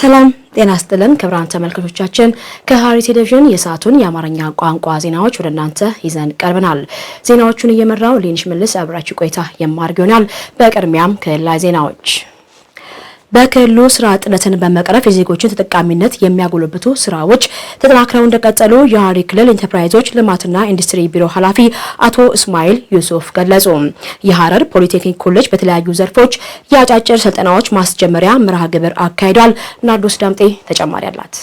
ሰላም ጤና ስጥልን ክብራን ተመልካቾቻችን፣ ከሐረሪ ቴሌቪዥን የሰዓቱን የአማርኛ ቋንቋ ዜናዎች ወደ እናንተ ይዘን ቀርበናል። ዜናዎቹን እየመራው ሊንሽ ምልስ አብራችሁ ቆይታ የማድርግ ይሆናል። በቅድሚያም ክልላዊ ዜናዎች በክልሉ ስራ አጥነትን በመቅረፍ የዜጎችን ተጠቃሚነት የሚያጎለብቱ ስራዎች ተጠናክረው እንደቀጠሉ የሐረሪ ክልል ኢንተርፕራይዞች ልማትና ኢንዱስትሪ ቢሮ ኃላፊ አቶ እስማኤል ዩሱፍ ገለጹ። የሐረር ፖሊቴክኒክ ኮሌጅ በተለያዩ ዘርፎች የአጫጭር ስልጠናዎች ማስጀመሪያ መርሃ ግብር አካሂዷል። ናርዶስ ዳምጤ ተጨማሪ አላት።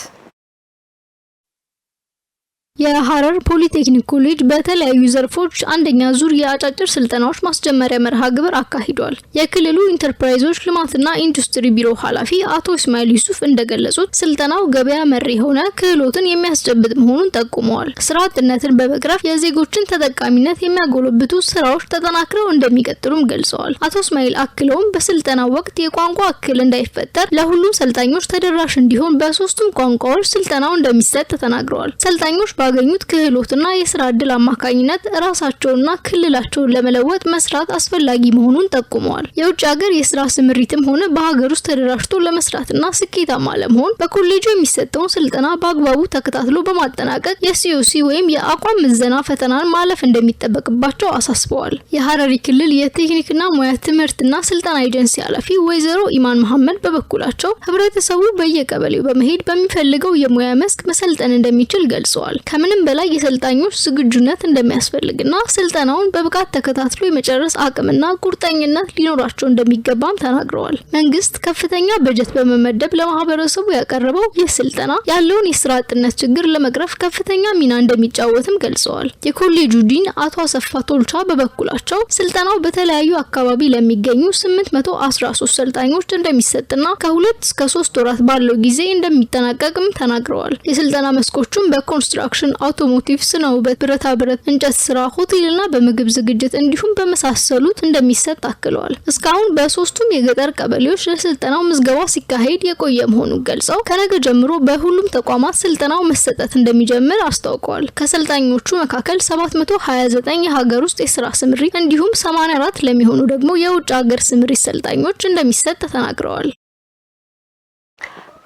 የሐረር ፖሊቴክኒክ ኮሌጅ በተለያዩ ዘርፎች አንደኛ ዙር የአጫጭር ስልጠናዎች ማስጀመሪያ መርሃ ግብር አካሂዷል። የክልሉ ኢንተርፕራይዞች ልማትና ኢንዱስትሪ ቢሮ ኃላፊ አቶ እስማኤል ዩሱፍ እንደገለጹት ስልጠናው ገበያ መር የሆነ ክህሎትን የሚያስጨብጥ መሆኑን ጠቁመዋል። ስራ አጥነትን በመቅረፍ የዜጎችን ተጠቃሚነት የሚያጎለብቱ ስራዎች ተጠናክረው እንደሚቀጥሉም ገልጸዋል። አቶ እስማኤል አክለውም በስልጠናው ወቅት የቋንቋ እክል እንዳይፈጠር ለሁሉም ሰልጣኞች ተደራሽ እንዲሆን በሶስቱም ቋንቋዎች ስልጠናው እንደሚሰጥ ተናግረዋል። ሰልጣኞች ባገኙት ክህሎትና የስራ እድል አማካኝነት ራሳቸውና ክልላቸውን ለመለወጥ መስራት አስፈላጊ መሆኑን ጠቁመዋል። የውጭ ሀገር የስራ ስምሪትም ሆነ በሀገር ውስጥ ተደራጅቶ ለመስራትና ስኬታማ ለመሆን በኮሌጁ የሚሰጠውን ስልጠና በአግባቡ ተከታትሎ በማጠናቀቅ የሲዮሲ ወይም የአቋም ምዘና ፈተናን ማለፍ እንደሚጠበቅባቸው አሳስበዋል። የሀረሪ ክልል የቴክኒክና ሙያ ትምህርትና ስልጠና ኤጀንሲ ኃላፊ ወይዘሮ ኢማን መሐመድ በበኩላቸው ህብረተሰቡ በየቀበሌው በመሄድ በሚፈልገው የሙያ መስክ መሰልጠን እንደሚችል ገልጸዋል። ከምንም በላይ የሰልጣኞች ዝግጁነት እንደሚያስፈልግና ስልጠናውን በብቃት ተከታትሎ የመጨረስ አቅምና ቁርጠኝነት ሊኖራቸው እንደሚገባም ተናግረዋል። መንግስት ከፍተኛ በጀት በመመደብ ለማህበረሰቡ ያቀረበው ይህ ስልጠና ያለውን የስራ አጥነት ችግር ለመቅረፍ ከፍተኛ ሚና እንደሚጫወትም ገልጸዋል። የኮሌጁ ዲን አቶ አሰፋ ቶልቻ በበኩላቸው ስልጠናው በተለያዩ አካባቢ ለሚገኙ 813 ሰልጣኞች እንደሚሰጥና ከሁለት እስከ ሶስት ወራት ባለው ጊዜ እንደሚጠናቀቅም ተናግረዋል። የስልጠና መስኮቹም በኮንስትራክሽን ኮርፖሬሽን፣ አውቶሞቲቭ፣ ስነ ውበት፣ ብረታ ብረት፣ እንጨት ስራ፣ ሆቴልና በምግብ ዝግጅት እንዲሁም በመሳሰሉት እንደሚሰጥ አክለዋል። እስካሁን በሶስቱም የገጠር ቀበሌዎች ለስልጠናው ምዝገባ ሲካሄድ የቆየ መሆኑን ገልጸው ከነገ ጀምሮ በሁሉም ተቋማት ስልጠናው መሰጠት እንደሚጀምር አስታውቀዋል። ከሰልጣኞቹ መካከል 729 የሀገር ውስጥ የስራ ስምሪት እንዲሁም 84 ለሚሆኑ ደግሞ የውጭ ሀገር ስምሪት ሰልጣኞች እንደሚሰጥ ተናግረዋል።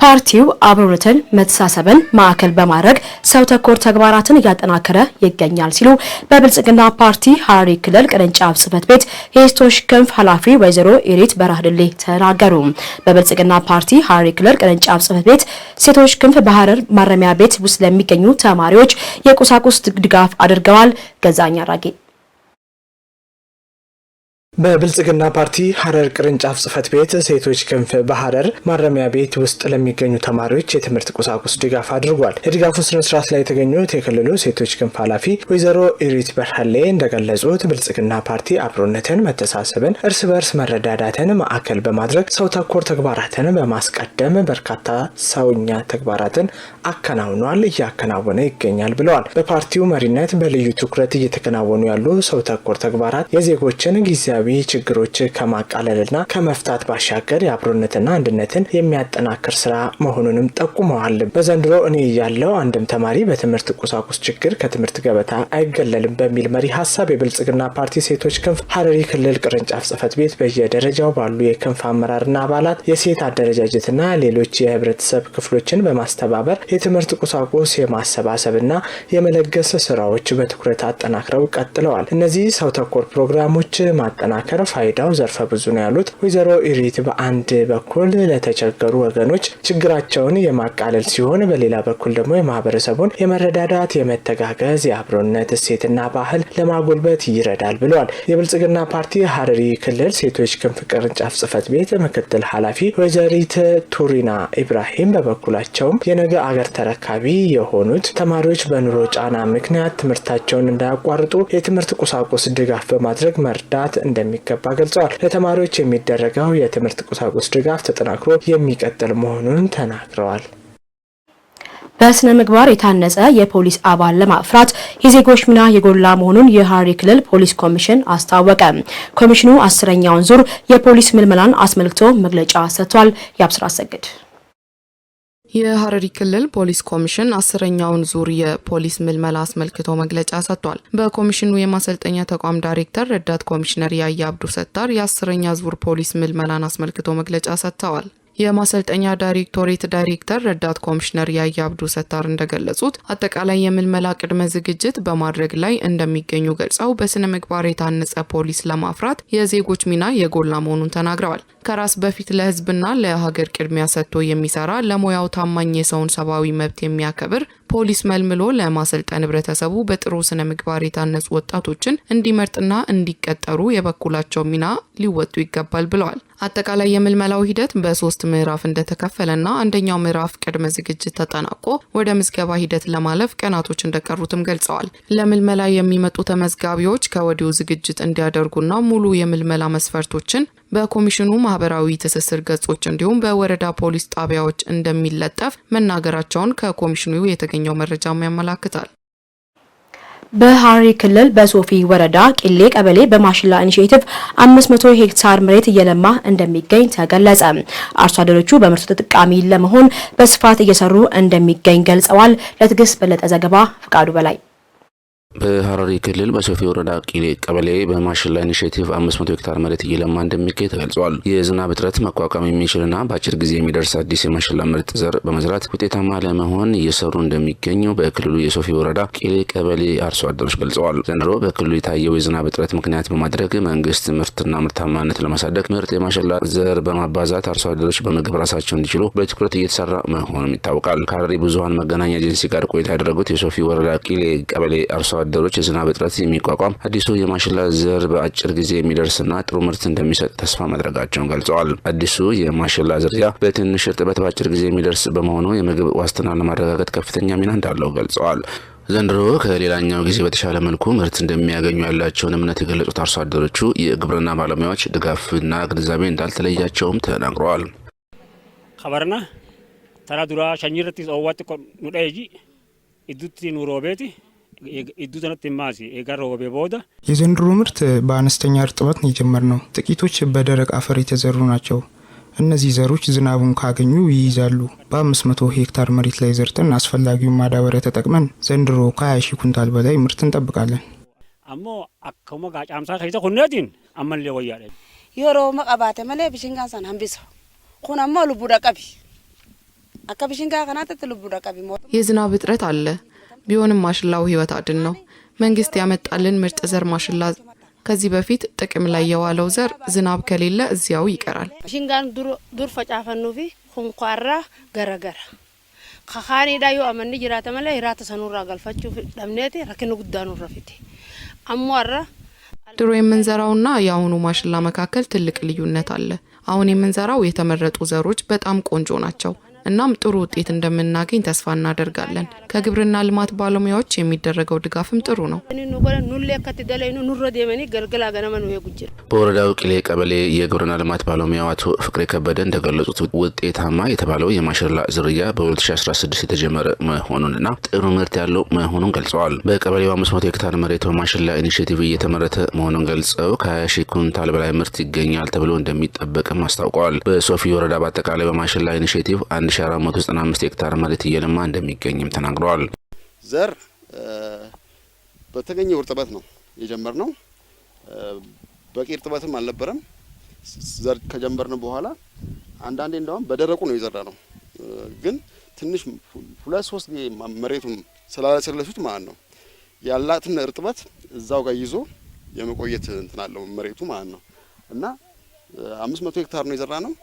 ፓርቲው አብሮነትን፣ መተሳሰብን ማዕከል በማድረግ ሰው ተኮር ተግባራትን እያጠናከረ ይገኛል ሲሉ በብልጽግና ፓርቲ ሐረሪ ክልል ቅርንጫፍ ጽፈት ቤት የሴቶች ክንፍ ኃላፊ ወይዘሮ ኢሪት በራህድሌ ተናገሩ። በብልጽግና ፓርቲ ሐረሪ ክልል ቅርንጫፍ ጽፈት ቤት ሴቶች ክንፍ በሐረር ማረሚያ ቤት ውስጥ ለሚገኙ ተማሪዎች የቁሳቁስ ድጋፍ አድርገዋል። ገዛኛ ራጌ በብልጽግና ፓርቲ ሀረር ቅርንጫፍ ጽህፈት ቤት ሴቶች ክንፍ በሀረር ማረሚያ ቤት ውስጥ ለሚገኙ ተማሪዎች የትምህርት ቁሳቁስ ድጋፍ አድርጓል። የድጋፉ ስነ ላይ የተገኙት የክልሉ ሴቶች ክንፍ ኃላፊ ወይዘሮ ኢሪት በርሃሌ እንደገለጹት ብልጽግና ፓርቲ አብሮነትን፣ መተሳሰብን፣ እርስ በርስ መረዳዳትን ማዕከል በማድረግ ሰው ተኮር ተግባራትን በማስቀደም በርካታ ሰውኛ ተግባራትን አከናውኗል፣ እያከናወነ ይገኛል ብለዋል። በፓርቲው መሪነት በልዩ ትኩረት እየተከናወኑ ያሉ ሰው ተኮር ተግባራት የዜጎችን ጊዜያዊ ኢኮኖሚያዊ ችግሮች ከማቃለልና ከመፍታት ባሻገር የአብሮነትና አንድነትን የሚያጠናክር ስራ መሆኑንም ጠቁመዋል። በዘንድሮ እኔ ያለው አንድም ተማሪ በትምህርት ቁሳቁስ ችግር ከትምህርት ገበታ አይገለልም በሚል መሪ ሀሳብ የብልጽግና ፓርቲ ሴቶች ክንፍ ሀረሪ ክልል ቅርንጫፍ ጽህፈት ቤት በየደረጃው ባሉ የክንፍ አመራርና አባላት የሴት አደረጃጀትና ሌሎች የህብረተሰብ ክፍሎችን በማስተባበር የትምህርት ቁሳቁስ የማሰባሰብና የመለገስ ስራዎች በትኩረት አጠናክረው ቀጥለዋል። እነዚህ ሰው ተኮር ፕሮግራሞች ማጠና ማጠናከር ፋይዳው ዘርፈ ብዙ ነው ያሉት ወይዘሮ ኢሪት በአንድ በኩል ለተቸገሩ ወገኖች ችግራቸውን የማቃለል ሲሆን በሌላ በኩል ደግሞ የማህበረሰቡን የመረዳዳት፣ የመተጋገዝ፣ የአብሮነት እሴትና ባህል ለማጎልበት ይረዳል ብለዋል። የብልጽግና ፓርቲ ሀረሪ ክልል ሴቶች ክንፍ ቅርንጫፍ ጽህፈት ቤት ምክትል ኃላፊ ወይዘሪት ቱሪና ኢብራሂም በበኩላቸውም የነገ አገር ተረካቢ የሆኑት ተማሪዎች በኑሮ ጫና ምክንያት ትምህርታቸውን እንዳያቋርጡ የትምህርት ቁሳቁስ ድጋፍ በማድረግ መርዳት እንደ እንደሚገባ ገልጸዋል። ለተማሪዎች የሚደረገው የትምህርት ቁሳቁስ ድጋፍ ተጠናክሮ የሚቀጥል መሆኑን ተናግረዋል። በስነ ምግባር የታነጸ የፖሊስ አባል ለማፍራት የዜጎች ሚና የጎላ መሆኑን የሐረሪ ክልል ፖሊስ ኮሚሽን አስታወቀ። ኮሚሽኑ አስረኛውን ዙር የፖሊስ ምልመላን አስመልክቶ መግለጫ ሰጥቷል። ያብስራ አሰግድ የሐረሪ ክልል ፖሊስ ኮሚሽን አስረኛውን ዙር የፖሊስ ምልመላ አስመልክቶ መግለጫ ሰጥቷል። በኮሚሽኑ የማሰልጠኛ ተቋም ዳይሬክተር ረዳት ኮሚሽነር ያየ አብዱ ሰታር የአስረኛ ዙር ፖሊስ ምልመላን አስመልክቶ መግለጫ ሰጥተዋል። የማሰልጠኛ ዳይሬክቶሬት ዳይሬክተር ረዳት ኮሚሽነር ያየ አብዱ ሰታር እንደገለጹት አጠቃላይ የምልመላ ቅድመ ዝግጅት በማድረግ ላይ እንደሚገኙ ገልጸው በስነ ምግባር የታነጸ ፖሊስ ለማፍራት የዜጎች ሚና የጎላ መሆኑን ተናግረዋል። ከራስ በፊት ለህዝብና ለሀገር ቅድሚያ ሰጥቶ የሚሰራ ለሙያው ታማኝ የሰውን ሰብአዊ መብት የሚያከብር ፖሊስ መልምሎ ለማሰልጠን ህብረተሰቡ በጥሩ ስነ ምግባር የታነጹ ወጣቶችን እንዲመርጥና እንዲቀጠሩ የበኩላቸው ሚና ሊወጡ ይገባል ብለዋል። አጠቃላይ የምልመላው ሂደት በሶስት ምዕራፍ እንደተከፈለና አንደኛው ምዕራፍ ቅድመ ዝግጅት ተጠናቆ ወደ ምዝገባ ሂደት ለማለፍ ቀናቶች እንደቀሩትም ገልጸዋል። ለምልመላ የሚመጡ ተመዝጋቢዎች ከወዲሁ ዝግጅት እንዲያደርጉና ሙሉ የምልመላ መስፈርቶችን በኮሚሽኑ ማህበራዊ ትስስር ገጾች እንዲሁም በወረዳ ፖሊስ ጣቢያዎች እንደሚለጠፍ መናገራቸውን ከኮሚሽኑ የተገኘው መረጃም ያመላክታል። በሐረሪ ክልል በሶፊ ወረዳ ቂሌ ቀበሌ በማሽላ ኢኒሼቲቭ 500 ሄክታር መሬት እየለማ እንደሚገኝ ተገለጸ። አርሶ አደሮቹ በምርቱ ተጠቃሚ ለመሆን በስፋት እየሰሩ እንደሚገኝ ገልጸዋል። ለትግስት በለጠ ዘገባ ፍቃዱ በላይ በሐረሪ ክልል በሶፊ ወረዳ ቂሌ ቀበሌ በማሽላ ኢኒሽቲቭ 500 ሄክታር መሬት እየለማ እንደሚገኝ ተገልጿል። የዝናብ እጥረት መቋቋም የሚችልና በአጭር ጊዜ የሚደርስ አዲስ የማሽላ ምርጥ ዘር በመዝራት ውጤታማ ለመሆን እየሰሩ እንደሚገኙ በክልሉ የሶፊ ወረዳ ቂሌ ቀበሌ አርሶ አደሮች ገልጸዋል። ዘንድሮ በክልሉ የታየው የዝናብ እጥረት ምክንያት በማድረግ መንግስት ምርትና ምርታማነት ለማሳደግ ምርጥ የማሽላ ዘር በማባዛት አርሶ አደሮች በምግብ ራሳቸው እንዲችሉ በትኩረት እየተሰራ መሆኑም ይታወቃል። ከሐረሪ ብዙሀን መገናኛ ኤጀንሲ ጋር ቆይታ ያደረጉት የሶፊ ወረዳ ቂሌ ቀበሌ አርሶ አደሮች የዝናብ እጥረት የሚቋቋም አዲሱ የማሽላ ዘር በአጭር ጊዜ የሚደርስና ጥሩ ምርት እንደሚሰጥ ተስፋ ማድረጋቸውን ገልጸዋል። አዲሱ የማሽላ ዝርያ በትንሽ እርጥበት በአጭር ጊዜ የሚደርስ በመሆኑ የምግብ ዋስትናን ለማረጋገጥ ከፍተኛ ሚና እንዳለው ገልጸዋል። ዘንድሮ ከሌላኛው ጊዜ በተሻለ መልኩ ምርት እንደሚያገኙ ያላቸውን እምነት የገለጹት አርሶ አደሮቹ የግብርና ባለሙያዎች ድጋፍና ግንዛቤ እንዳልተለያቸውም ተናግረዋል። ከበርና ተራ ዱራ ሸኝረት ኦዋት ኑዳጂ ኢዱት ኑሮ ተነት ማሲ የዘንድሮ ምርት በአነስተኛ እርጥበት ነው የጀመርነው። ጥቂቶች በደረቅ አፈር የተዘሩ ናቸው። እነዚህ ዘሮች ዝናቡን ካገኙ ይይዛሉ። በ500 ሄክታር መሬት ላይ ዘርተን አስፈላጊውን ማዳበሪያ ተጠቅመን ዘንድሮ ከ20 ሺህ ኩንታል በላይ ምርት እንጠብቃለን። አሞ አከሞ ጋጫምሳ ከይዘ አመን የሮ መቀባተ መቀባቴ መሌ ብሽንጋሳን ሀምቢሶ ኩናሞ ልቡዳ ቀቢ አካ ብሽንጋ ከናተት ልቡዳ ቀቢ የዝናብ እጥረት አለ። ቢሆንም ማሽላው ህይወት አድን ነው። መንግስት ያመጣልን ምርጥ ዘር ማሽላ። ከዚህ በፊት ጥቅም ላይ የዋለው ዘር ዝናብ ከሌለ እዚያው ይቀራል። ሽንጋን ዱር ፈጫፈኑ ፊ ኩንኳራ ገረገራ ከካኔዳ ዮ አመኒ ጅራተ መለ ሂራተ ሰኑራ ገልፈቹ ደምኔቴ ረኪኑ ጉዳኑ ረፊቴ አሟራ ድሮ የምንዘራውና የአሁኑ ማሽላ መካከል ትልቅ ልዩነት አለ። አሁን የምንዘራው የተመረጡ ዘሮች በጣም ቆንጆ ናቸው። እናም ጥሩ ውጤት እንደምናገኝ ተስፋ እናደርጋለን። ከግብርና ልማት ባለሙያዎች የሚደረገው ድጋፍም ጥሩ ነው። በወረዳው ቅሌ ቀበሌ የግብርና ልማት ባለሙያው አቶ ፍቅሬ ከበደ እንደገለጹት ውጤታማ የተባለው የማሽላ ዝርያ በ2016 የተጀመረ መሆኑንና ጥሩ ምርት ያለው መሆኑን ገልጸዋል። በቀበሌው 500 ሄክታር መሬት በማሽላ ኢኒሽቲቭ እየተመረተ መሆኑን ገልጸው ከ20 ሺ ኩንታል በላይ ምርት ይገኛል ተብሎ እንደሚጠበቅም አስታውቀዋል። በሶፊ ወረዳ በአጠቃላይ በማሽላ ኢኒሽቲቭ 1495 ሄክታር መሬት እየለማ እንደሚገኝም ተናግረዋል። ዘር በተገኘው እርጥበት ነው የጀመርነው። በቂ እርጥበትም አልነበረም። ዘር ከጀመርን በኋላ አንዳንዴ እንደውም በደረቁ ነው የዘራ ነው። ግን ትንሽ ሁለት ሶስት ጊዜ መሬቱን ስላለሰለሱት ማለት ነው ያላትን እርጥበት እዛው ጋር ይዞ የመቆየት እንትን አለው መሬቱ ማለት ነው እና አምስት መቶ ሄክታር ነው የዘራ ነው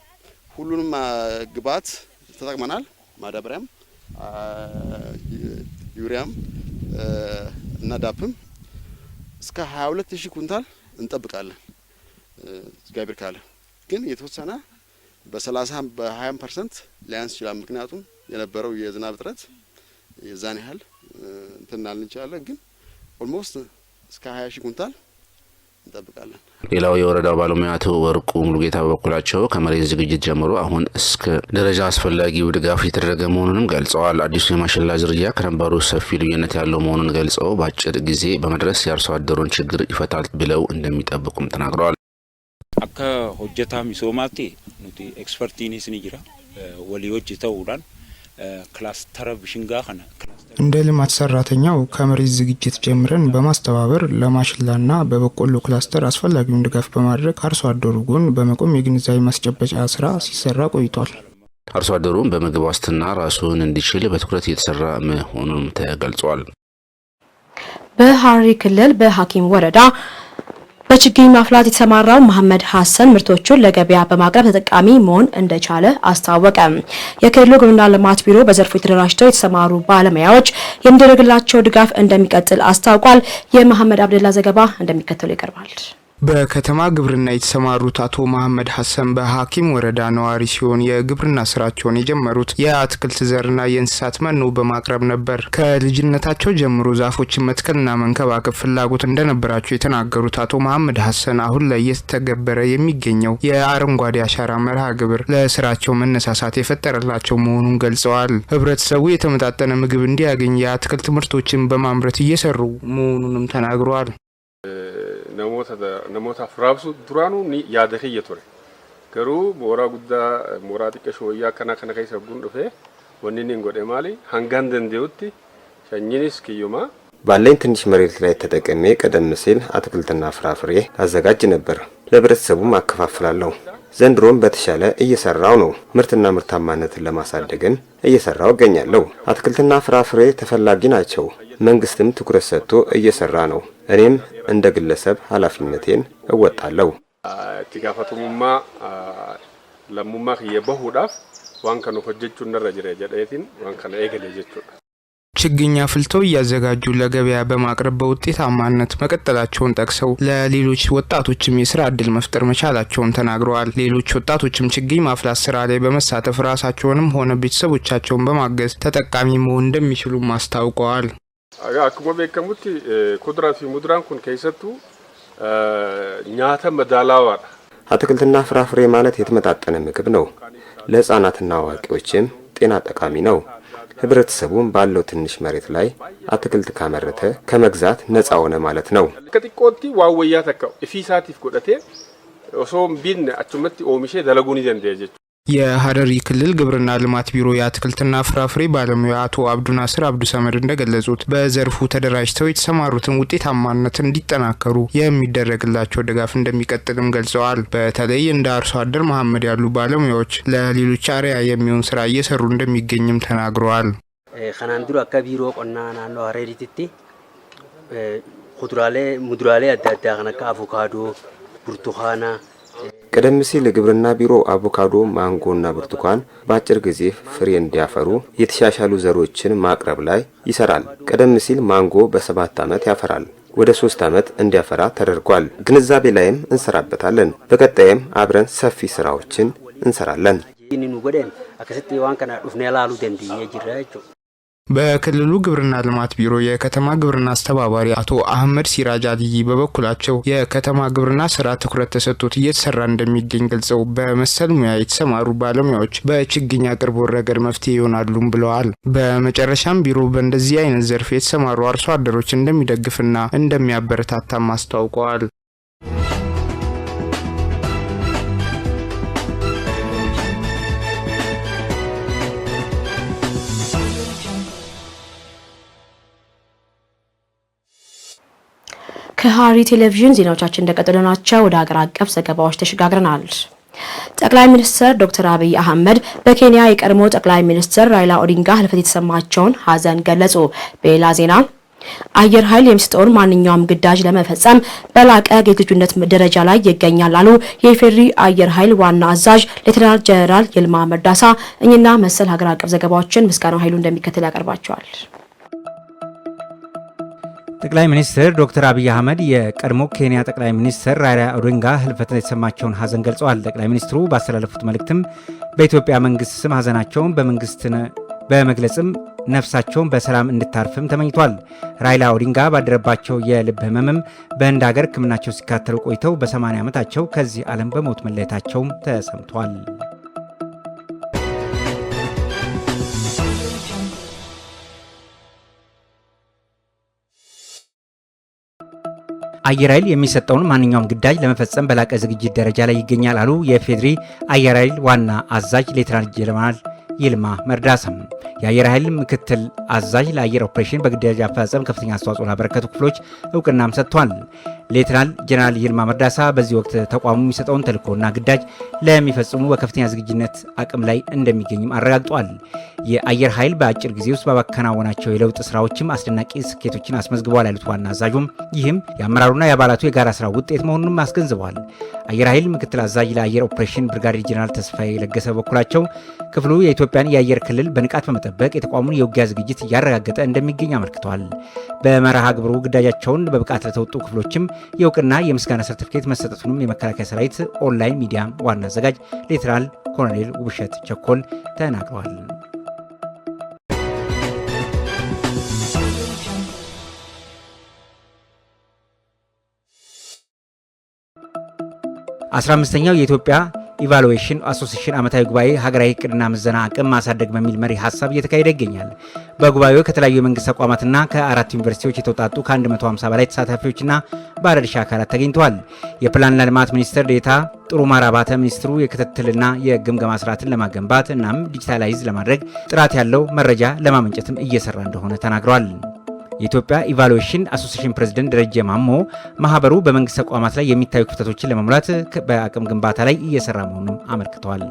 ሁሉንም ግብአት ተጠቅመናል። ማዳበሪያም ዩሪያም እና ዳፕም እስከ 22000 ኩንታል እንጠብቃለን። እግዚአብሔር ካለ ግን የተወሰነ በ30 በ20% ሊያንስ ይችላል። ምክንያቱም የነበረው የዝናብ እጥረት የዛን ያህል እንትናል እንችላለን። ግን ኦልሞስት እስከ ሺህ ኩንታል እንጠብቃለን። ሌላው የወረዳው ባለሙያ አቶ ወርቁ ሙሉጌታ በበኩላቸው ከመሬት ዝግጅት ጀምሮ አሁን እስከ ደረጃ አስፈላጊው ድጋፍ የተደረገ መሆኑንም ገልጸዋል። አዲሱ የማሽላ ዝርያ ከነባሩ ሰፊ ልዩነት ያለው መሆኑን ገልጸው በአጭር ጊዜ በመድረስ የአርሶ አደሩን ችግር ይፈታል ብለው እንደሚጠብቁም ተናግረዋል። አካ ሆጀታ ሚሶማቲ ኑቲ ኤክስፐርቲኒ ስኒ ወሊዎች ተውዳን ክላስተረ ብሽንጋ ከነ እንደ ልማት ሰራተኛው ከመሬት ዝግጅት ጀምረን በማስተባበር ለማሽላና በበቆሎ ክላስተር አስፈላጊውን ድጋፍ በማድረግ አርሶ አደሩ ጎን በመቆም የግንዛቤ ማስጨበጫ ስራ ሲሰራ ቆይቷል። አርሶ አደሩም በምግብ ዋስትና ራሱን እንዲችል በትኩረት እየተሰራ መሆኑም ተገልጿል። በሐረሪ ክልል በሐኪም ወረዳ በችግኝ ማፍላት የተሰማራው መሐመድ ሀሰን ምርቶቹን ለገበያ በማቅረብ ተጠቃሚ መሆን እንደቻለ አስታወቀ። የክልሉ ግብርና ልማት ቢሮ በዘርፉ የተደራጅተው የተሰማሩ ባለሙያዎች የሚደረግላቸው ድጋፍ እንደሚቀጥል አስታውቋል። የመሐመድ አብደላ ዘገባ እንደሚከተሉ ይቀርባል። በከተማ ግብርና የተሰማሩት አቶ መሀመድ ሀሰን በሀኪም ወረዳ ነዋሪ ሲሆን የግብርና ስራቸውን የጀመሩት የአትክልት ዘርና የእንስሳት መኖ በማቅረብ ነበር። ከልጅነታቸው ጀምሮ ዛፎችን መትከልና መንከባከብ ፍላጎት እንደነበራቸው የተናገሩት አቶ መሐመድ ሀሰን አሁን ላይ እየተተገበረ የሚገኘው የአረንጓዴ አሻራ መርሃ ግብር ለስራቸው መነሳሳት የፈጠረላቸው መሆኑን ገልጸዋል። ህብረተሰቡ የተመጣጠነ ምግብ እንዲያገኝ የአትክልት ምርቶችን በማምረት እየሰሩ መሆኑንም ተናግረዋል። namoota furaabsu duraanuu ni yaadateeyye ture. Garuu mooraa guddaa mooraa xiqqa shooyyaa kana kana keessa arguun dhufee wanni inni hin godhe maali hangaan danda'utti shanyinis kiyyumaa ባለኝ ትንሽ መሬት ላይ ተጠቅሜ ቀደም ሲል አትክልትና ፍራፍሬ አዘጋጅ ነበር። ለህብረተሰቡም አከፋፍላለሁ። ዘንድሮም በተሻለ እየሰራው ነው። ምርትና ምርታማነትን ለማሳደግን እየሰራው እገኛለሁ። አትክልትና ፍራፍሬ ተፈላጊ ናቸው። መንግስትም ትኩረት ሰጥቶ እየሰራ ነው። እኔም እንደ ግለሰብ ኃላፊነቴን እወጣለሁ። ቲጋፈቱሙማ ለሙማ የበሁዳፍ ዋን ከኑ ሆጀቹ ነረ ጅረ ጀደቲን ኤገሌ ጀቹ ችግኝ አፍልተው እያዘጋጁ ለገበያ በማቅረብ በውጤታማነት መቀጠላቸውን ጠቅሰው ለሌሎች ወጣቶችም የስራ እድል መፍጠር መቻላቸውን ተናግረዋል። ሌሎች ወጣቶችም ችግኝ ማፍላት ስራ ላይ በመሳተፍ ራሳቸውንም ሆነ ቤተሰቦቻቸውን በማገዝ ተጠቃሚ መሆን እንደሚችሉም አስታውቀዋል። አኩመ ቤከሙት ኩድራፊ ሙድራን ኩን ከይሰቱ ኛተ መዳላዋር አትክልትና ፍራፍሬ ማለት የተመጣጠነ ምግብ ነው። ለህፃናትና አዋቂዎችም ጤና ጠቃሚ ነው። ህብረተሰቡም ባለው ትንሽ መሬት ላይ አትክልት ካመረተ ከመግዛት ነጻ ሆነ ማለት ነው። ከጥቆቲ ዋወያ ተካው ኢፊሳቲፍ ጎደቴ ኦሶም ቢን አቹመት ኦሚሼ ደለጉኒ ደንዴ የሀረሪ ክልል ግብርና ልማት ቢሮ የአትክልትና ፍራፍሬ ባለሙያ አቶ አብዱ ናስር አብዱ ሰመድ እንደገለጹት በዘርፉ ተደራጅተው የተሰማሩትን ውጤታማነት እንዲጠናከሩ የሚደረግላቸው ድጋፍ እንደሚቀጥልም ገልጸዋል። በተለይ እንደ አርሶ አደር መሐመድ ያሉ ባለሙያዎች ለሌሎች አሪያ የሚሆን ስራ እየሰሩ እንደሚገኝም ተናግረዋል። ከናንዱሩ አካ ቢሮ ቆና ናኖ ሀረሪትቲ ኩዱራሌ ሙዱራሌ አዳዳ ከነካ አቮካዶ ብርቱካና ቀደም ሲል ግብርና ቢሮ አቮካዶ፣ ማንጎና ብርቱካን በአጭር ጊዜ ፍሬ እንዲያፈሩ የተሻሻሉ ዘሮችን ማቅረብ ላይ ይሰራል። ቀደም ሲል ማንጎ በሰባት ዓመት ያፈራል፣ ወደ ሶስት ዓመት እንዲያፈራ ተደርጓል። ግንዛቤ ላይም እንሰራበታለን። በቀጣይም አብረን ሰፊ ስራዎችን እንሰራለን። በክልሉ ግብርና ልማት ቢሮ የከተማ ግብርና አስተባባሪ አቶ አህመድ ሲራጅ አልይ በበኩላቸው የከተማ ግብርና ስራ ትኩረት ተሰጥቶት እየተሰራ እንደሚገኝ ገልጸው በመሰል ሙያ የተሰማሩ ባለሙያዎች በችግኝ አቅርቦ ረገድ መፍትሄ ይሆናሉም ብለዋል። በመጨረሻም ቢሮ በእንደዚህ አይነት ዘርፍ የተሰማሩ አርሶ አደሮች እንደሚደግፍና እንደሚያበረታታም አስታውቀዋል። ከሐረሪ ቴሌቪዥን ዜናዎቻችን እንደቀጠሉ ናቸው። ወደ ሀገር አቀፍ ዘገባዎች ተሸጋግረናል። ጠቅላይ ሚኒስትር ዶክተር አብይ አህመድ በኬንያ የቀድሞ ጠቅላይ ሚኒስትር ራይላ ኦዲንጋ ህልፈት የተሰማቸውን ሀዘን ገለጹ። በሌላ ዜና አየር ኃይል የሚሰጠውን ማንኛውም ግዳጅ ለመፈጸም በላቀ ዝግጁነት ደረጃ ላይ ይገኛል አሉ የኢፌዴሪ አየር ኃይል ዋና አዛዥ ሌተናል ጀነራል ይልማ መርዳሳ። እኚህና መሰል ሀገር አቀፍ ዘገባዎችን ምስጋናው ኃይሉ እንደሚከተል ያቀርባቸዋል። ጠቅላይ ሚኒስትር ዶክተር አብይ አህመድ የቀድሞ ኬንያ ጠቅላይ ሚኒስትር ራይላ ኦዲንጋ ህልፈት የተሰማቸውን ሀዘን ገልጸዋል። ጠቅላይ ሚኒስትሩ ባስተላለፉት መልእክትም በኢትዮጵያ መንግስት ስም ሀዘናቸውን በመንግስት በመግለጽም ነፍሳቸውን በሰላም እንድታርፍም ተመኝቷል። ራይላ ኦዲንጋ ባደረባቸው የልብ ህመምም በህንድ ሀገር ህክምናቸው ሲካተሉ ቆይተው በ80 ዓመታቸው ከዚህ ዓለም በሞት መለየታቸውም ተሰምቷል። አየር ኃይል የሚሰጠውን ማንኛውም ግዳጅ ለመፈጸም በላቀ ዝግጅት ደረጃ ላይ ይገኛል አሉ የፌዴሪ አየር ኃይል ዋና አዛዥ ሌተናል ጀነራል ይልማ መርዳሳም የአየር ኃይል ምክትል አዛዥ ለአየር ኦፕሬሽን በግዳጅ አፈጻጸም ከፍተኛ አስተዋጽኦ ላበረከቱ ክፍሎች እውቅናም ሰጥቷል። ሌትናል ጀነራል ይልማ መርዳሳ በዚህ ወቅት ተቋሙ የሚሰጠውን ተልእኮና ግዳጅ ለሚፈጽሙ በከፍተኛ ዝግጅነት አቅም ላይ እንደሚገኝም አረጋግጧል። የአየር ኃይል በአጭር ጊዜ ውስጥ ባከናወናቸው የለውጥ ስራዎችም አስደናቂ ስኬቶችን አስመዝግበዋል ያሉት ዋና አዛዡም ይህም የአመራሩና የአባላቱ የጋራ ስራ ውጤት መሆኑንም አስገንዝበዋል። አየር ኃይል ምክትል አዛዥ ለአየር ኦፕሬሽን ብርጋዴር ጀነራል ተስፋዬ ለገሰ በበኩላቸው ክፍሉ የኢትዮ የኢትዮጵያን የአየር ክልል በንቃት በመጠበቅ የተቋሙን የውጊያ ዝግጅት እያረጋገጠ እንደሚገኝ አመልክቷል። በመርሃ ግብሩ ግዳጃቸውን በብቃት ለተወጡ ክፍሎችም የእውቅና የምስጋና ሰርቲፊኬት መሰጠቱንም የመከላከያ ሰራዊት ኦንላይን ሚዲያ ዋና አዘጋጅ ሌተናል ኮሎኔል ውብሸት ቸኮል ተናግረዋል። አስራ አምስተኛው የኢትዮጵያ ኢቫሉዌሽን አሶሲሽን ዓመታዊ ጉባኤ ሀገራዊ እቅድና ምዘና አቅም ማሳደግ በሚል መሪ ሀሳብ እየተካሄደ ይገኛል። በጉባኤው ከተለያዩ የመንግስት ተቋማትና ከአራት ዩኒቨርሲቲዎች የተውጣጡ ከ150 በላይ ተሳታፊዎችና ባለድርሻ አካላት ተገኝተዋል። የፕላንና ልማት ሚኒስትር ዴታ ጥሩ ማራባተ ሚኒስትሩ የክትትልና የግምገማ ስርዓትን ለማገንባት እናም ዲጂታላይዝ ለማድረግ ጥራት ያለው መረጃ ለማመንጨትም እየሰራ እንደሆነ ተናግረዋል። የኢትዮጵያ ኢቫሉዌሽን አሶሲሽን ፕሬዚደንት ደረጀ ማሞ ማህበሩ በመንግስት ተቋማት ላይ የሚታዩ ክፍተቶችን ለመሙላት በአቅም ግንባታ ላይ እየሰራ መሆኑን አመልክተዋል።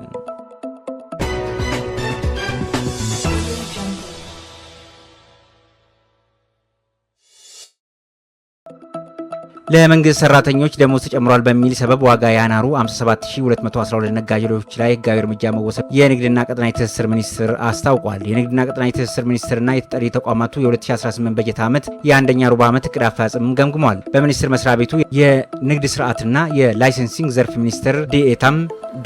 ለመንግስት ሰራተኞች ደሞዝ ተጨምሯል በሚል ሰበብ ዋጋ ያናሩ 57212 ነጋዴዎች ላይ ህጋዊ እርምጃ መወሰድ የንግድና ቀጠናዊ ትስስር ሚኒስቴር አስታውቋል። የንግድና ቀጠናዊ ትስስር ሚኒስቴርና የተጠሪ ተቋማቱ የ2018 በጀት ዓመት የአንደኛ ሩብ ዓመት እቅድ አፈጻጸም ገምግሟል። በሚኒስትር መስሪያ ቤቱ የንግድ ስርዓትና የላይሰንሲንግ ዘርፍ ሚኒስትር ዴኤታም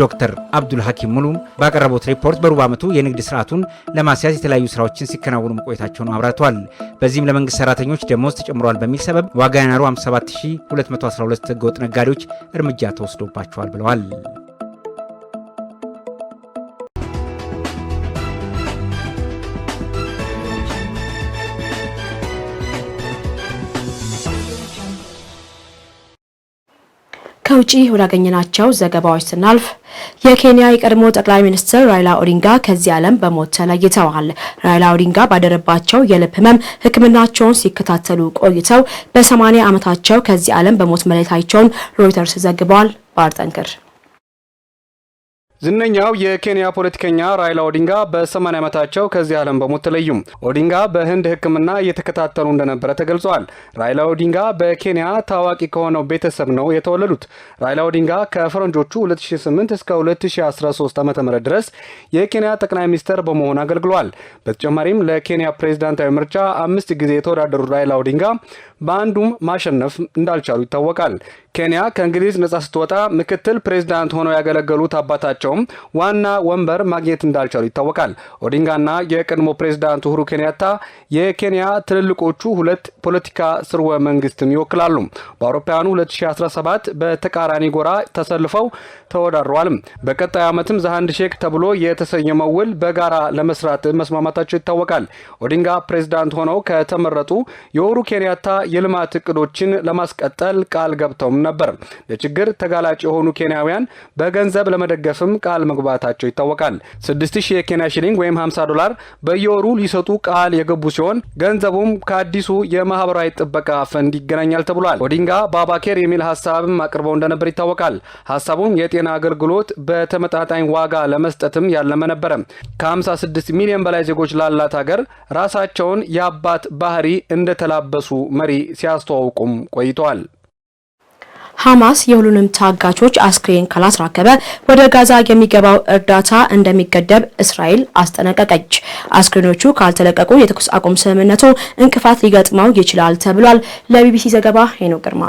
ዶክተር አብዱል ሀኪም ሙሉ ባቀረቡት ሪፖርት በሩብ ዓመቱ የንግድ ስርዓቱን ለማስያዝ የተለያዩ ስራዎችን ሲከናወኑ መቆየታቸውን አብራርተዋል። በዚህም ለመንግስት ሰራተኞች ደሞዝ ተጨምሯል በሚል ሰበብ ዋጋ ያናሩ 57 1212 ህገወጥ ነጋዴዎች እርምጃ ተወስዶባቸዋል ብለዋል። ከውጪ ወዳገኘናቸው ዘገባዎች ስናልፍ የኬንያ የቀድሞ ጠቅላይ ሚኒስትር ራይላ ኦዲንጋ ከዚህ ዓለም በሞት ተለይተዋል። ራይላ ኦዲንጋ ባደረባቸው የልብ ህመም ሕክምናቸውን ሲከታተሉ ቆይተው በሰማኒያ ዓመታቸው ከዚህ ዓለም በሞት መለየታቸውን ሮይተርስ ዘግቧል። ባር ዝነኛው የኬንያ ፖለቲከኛ ራይላ ኦዲንጋ በ80 ዓመታቸው ከዚህ ዓለም በሞት ተለዩም። ኦዲንጋ በህንድ ሕክምና እየተከታተሉ እንደነበረ ተገልጿል። ራይላ ኦዲንጋ በኬንያ ታዋቂ ከሆነው ቤተሰብ ነው የተወለዱት። ራይላ ኦዲንጋ ከፈረንጆቹ 2008 እስከ 2013 ም ድረስ የኬንያ ጠቅላይ ሚኒስትር በመሆን አገልግሏል። በተጨማሪም ለኬንያ ፕሬዝዳንታዊ ምርጫ አምስት ጊዜ የተወዳደሩት ራይላ ኦዲንጋ በአንዱም ማሸነፍ እንዳልቻሉ ይታወቃል። ኬንያ ከእንግሊዝ ነጻ ስትወጣ ምክትል ፕሬዝዳንት ሆነው ያገለገሉት አባታቸው ፓርቲያቸውም ዋና ወንበር ማግኘት እንዳልቻሉ ይታወቃል። ኦዲንጋና የቀድሞ ፕሬዚዳንት ኡሁሩ ኬንያታ የኬንያ ትልልቆቹ ሁለት ፖለቲካ ስርወ መንግስትም ይወክላሉ። በአውሮፓውያኑ 2017 በተቃራኒ ጎራ ተሰልፈው ተወዳድረዋል። በቀጣይ ዓመትም ዛሃንድ ሼክ ተብሎ የተሰየመው ውል በጋራ ለመስራት መስማማታቸው ይታወቃል። ኦዲንጋ ፕሬዚዳንት ሆነው ከተመረጡ የኡሁሩ ኬንያታ የልማት እቅዶችን ለማስቀጠል ቃል ገብተውም ነበር። ለችግር ተጋላጭ የሆኑ ኬንያውያን በገንዘብ ለመደገፍም ቃል መግባታቸው ይታወቃል። 6000 የኬንያ ሺሊንግ ወይም 50 ዶላር በየወሩ ሊሰጡ ቃል የገቡ ሲሆን ገንዘቡም ከአዲሱ የማህበራዊ ጥበቃ ፈንድ ይገናኛል ተብሏል። ኦዲንጋ ባባኬር የሚል ሀሳብም አቅርበው እንደነበር ይታወቃል። ሀሳቡም የጤና አገልግሎት በተመጣጣኝ ዋጋ ለመስጠትም ያለመ ነበረ። ከ56 ሚሊዮን በላይ ዜጎች ላላት ሀገር ራሳቸውን የአባት ባህሪ እንደተላበሱ መሪ ሲያስተዋውቁም ቆይተዋል። ሐማስ የሁሉንም ታጋቾች አስክሬን ካላስራከበ ወደ ጋዛ የሚገባው እርዳታ እንደሚገደብ እስራኤል አስጠነቀቀች። አስክሬኖቹ ካልተለቀቁ የተኩስ አቁም ስምምነቱ እንቅፋት ሊገጥመው ይችላል ተብሏል። ለቢቢሲ ዘገባ ሄኖ ግርማ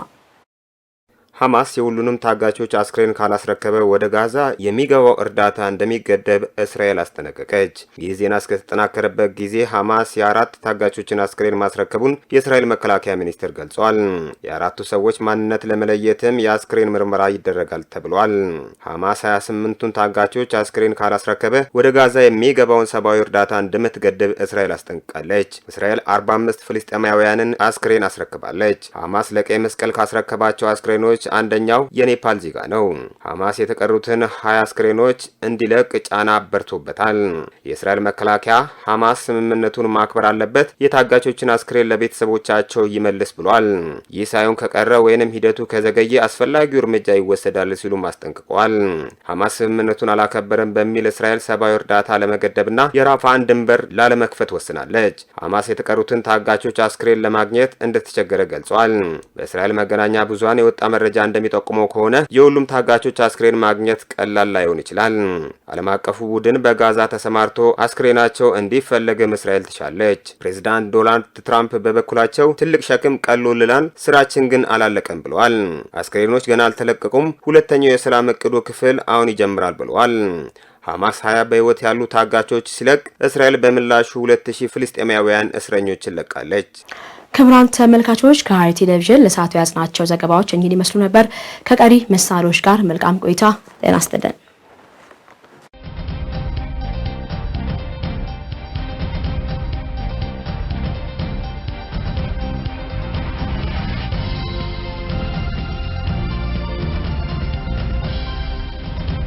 ሐማስ የሁሉንም ታጋቾች አስክሬን ካላስረከበ ወደ ጋዛ የሚገባው እርዳታ እንደሚገደብ እስራኤል አስጠነቀቀች። ይህ ዜና እስከተጠናከረበት ጊዜ ሐማስ የአራት ታጋቾችን አስክሬን ማስረከቡን የእስራኤል መከላከያ ሚኒስቴር ገልጿል። የአራቱ ሰዎች ማንነት ለመለየትም የአስክሬን ምርመራ ይደረጋል ተብሏል። ሐማስ 28ቱን ታጋቾች አስክሬን ካላስረከበ ወደ ጋዛ የሚገባውን ሰብአዊ እርዳታ እንደምትገድብ እስራኤል አስጠንቅቃለች። እስራኤል 45 ፍልስጤማውያንን አስክሬን አስረክባለች። ሐማስ ለቀይ መስቀል ካስረከባቸው አስክሬኖች አንደኛው የኔፓል ዜጋ ነው። ሐማስ የተቀሩትን ሀያ አስክሬኖች እንዲለቅ ጫና አበርቶበታል። የእስራኤል መከላከያ ሐማስ ስምምነቱን ማክበር አለበት፣ የታጋቾችን አስክሬን ለቤተሰቦቻቸው ይመልስ ብሏል። ይህ ሳይሆን ከቀረ ወይንም ሂደቱ ከዘገየ አስፈላጊው እርምጃ ይወሰዳል ሲሉም አስጠንቅቀዋል። ሐማስ ስምምነቱን አላከበረም በሚል እስራኤል ሰብአዊ እርዳታ ለመገደብና የራፋን ድንበር ላለመክፈት ወስናለች። ሐማስ የተቀሩትን ታጋቾች አስክሬን ለማግኘት እንደተቸገረ ገልጿል። በእስራኤል መገናኛ ብዙሃን የወጣ መረጃ እንደሚጠቁመው ከሆነ የሁሉም ታጋቾች አስክሬን ማግኘት ቀላል ላይሆን ይችላል። ዓለም አቀፉ ቡድን በጋዛ ተሰማርቶ አስክሬናቸው እንዲፈለግም እስራኤል ትሻለች። ፕሬዚዳንት ዶናልድ ትራምፕ በበኩላቸው ትልቅ ሸክም ቀሎልናል፣ ስራችን ግን አላለቀም ብለዋል። አስክሬኖች ገና አልተለቀቁም፣ ሁለተኛው የሰላም እቅዱ ክፍል አሁን ይጀምራል ብለዋል። ሐማስ 20 በሕይወት ያሉ ታጋቾች ሲለቅ፣ እስራኤል በምላሹ 20 ፍልስጤማውያን እስረኞችን ለቃለች። ክብራን ተመልካቾች ከሐረሪ ቴሌቪዥን ለሰዓቱ የያዝናቸው ዘገባዎች እንግዲህ ይመስሉ ነበር። ከቀሪ መሳሪያዎች ጋር መልካም ቆይታ ጤና ይስጥልን።